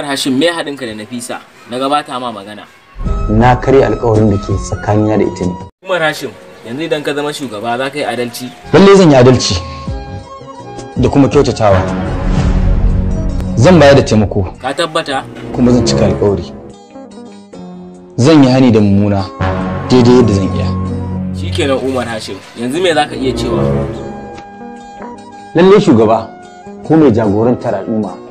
Umar Hashim me ka da Nafisa na gabata ma magana. Na karya alƙawarin da ke tsakanina da ita ne. Umar Hashim yanzu idan ka zama shugaba za ka yi adalci. Lallai zan yi adalci da kuma kyautatawa. Zan bayar da taimako. Ka tabbata. Kuma zan cika alkawari. Zan yi hani da mummuna daidai yadda zan iya. Shikenan Umar Hashim yanzu me za ka iya cewa? Lallai shugaba ko mai jagorantar al'umma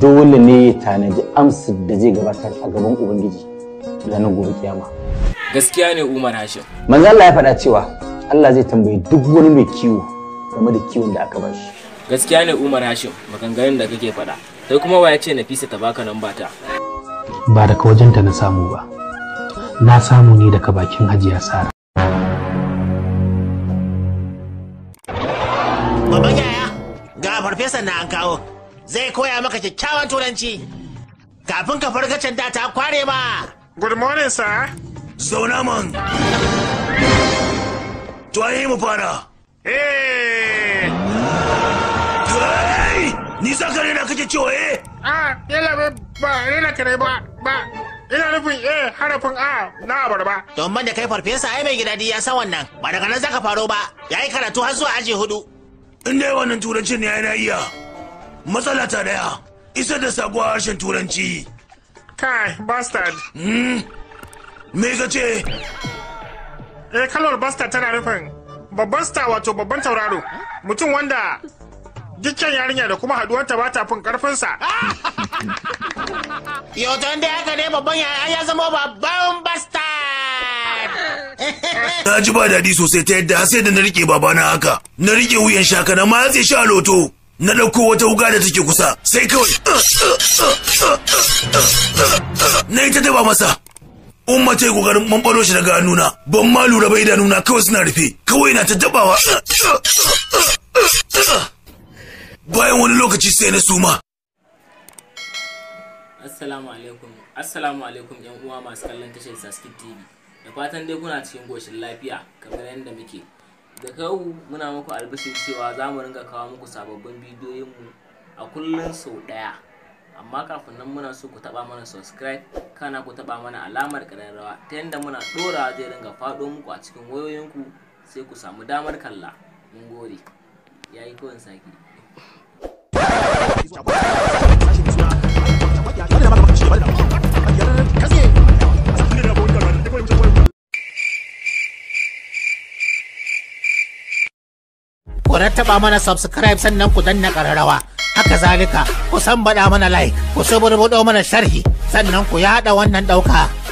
dole ne ya tanadi amsar da zai gabatar a gaban ubangiji nan gobe kiyama gaskiya ne umar hashim manzo Allah ya faɗa cewa Allah zai tambayi duk wani mai kiwo game da kiwon da aka ba shi gaskiya ne umar hashim maganganun da kake faɗa sai kuma wa ya ce nafisa ta baka nan bata ba daga wajenta na samu ba na samu ne daga bakin hajiya sara Baban yaya, ga farfesa na an kawo. zai koya maka kyakkyawan turanci kafin ka fargacin da ta kware ma good morning sir zauna man tuwaye mu fara eh ni za ka rena kake cewa eh a yala ba rena kare ba ba ina nufin eh harafin a na abarba don ban da kai farfesa ai mai gidadi ya san wannan ba daga nan zaka faro ba yayi karatu har zuwa aji hudu Inda wannan turancin ne yana iya matsala ta daya isa da sako a harshen turanci kai bastard hmm? me ka ce eh kalor bastard tana nufin babban star wato babban tauraro mutum wanda dukkan yarinya da kuma haduwarta ba ta fin karfinsa ta da haka ne babban yaya ya zama babban bastard na ji ba daɗi sosai ta yadda sai da na rike babana haka na rike wuyan shaka na ya shi a loto na ɗauko wata wuga da take kusa sai kawai na yi ta daba masa umma ta yi ƙoƙarin ɓanɓaro shi daga hannuna ban ma lura ba idanuna kawai suna rufe kawai na ta dabawa bayan wani lokaci sai na suma assalamu alaikum assalamu alaikum yan uwa masu kallon tashar saskin tv da fatan dai kuna cikin goshin lafiya kamar yadda muke da kawo muna muku albashin cewa za mu ringa kawo muku sababbin bidiyoyinmu a kullum sau ɗaya amma kafin nan muna so ku taba mana subscribe kana ku taba mana alamar ƙararrawa ta yadda muna ɗora zai ringa faɗo muku a cikin wayoyinku sai ku samu damar kalla mun gode ya yi kowane saki taba mana subscribe sannan ku danna kararrawa haka zalika ku san bada mana like ku suburbudo mana sharhi sannan ku yada wannan dauka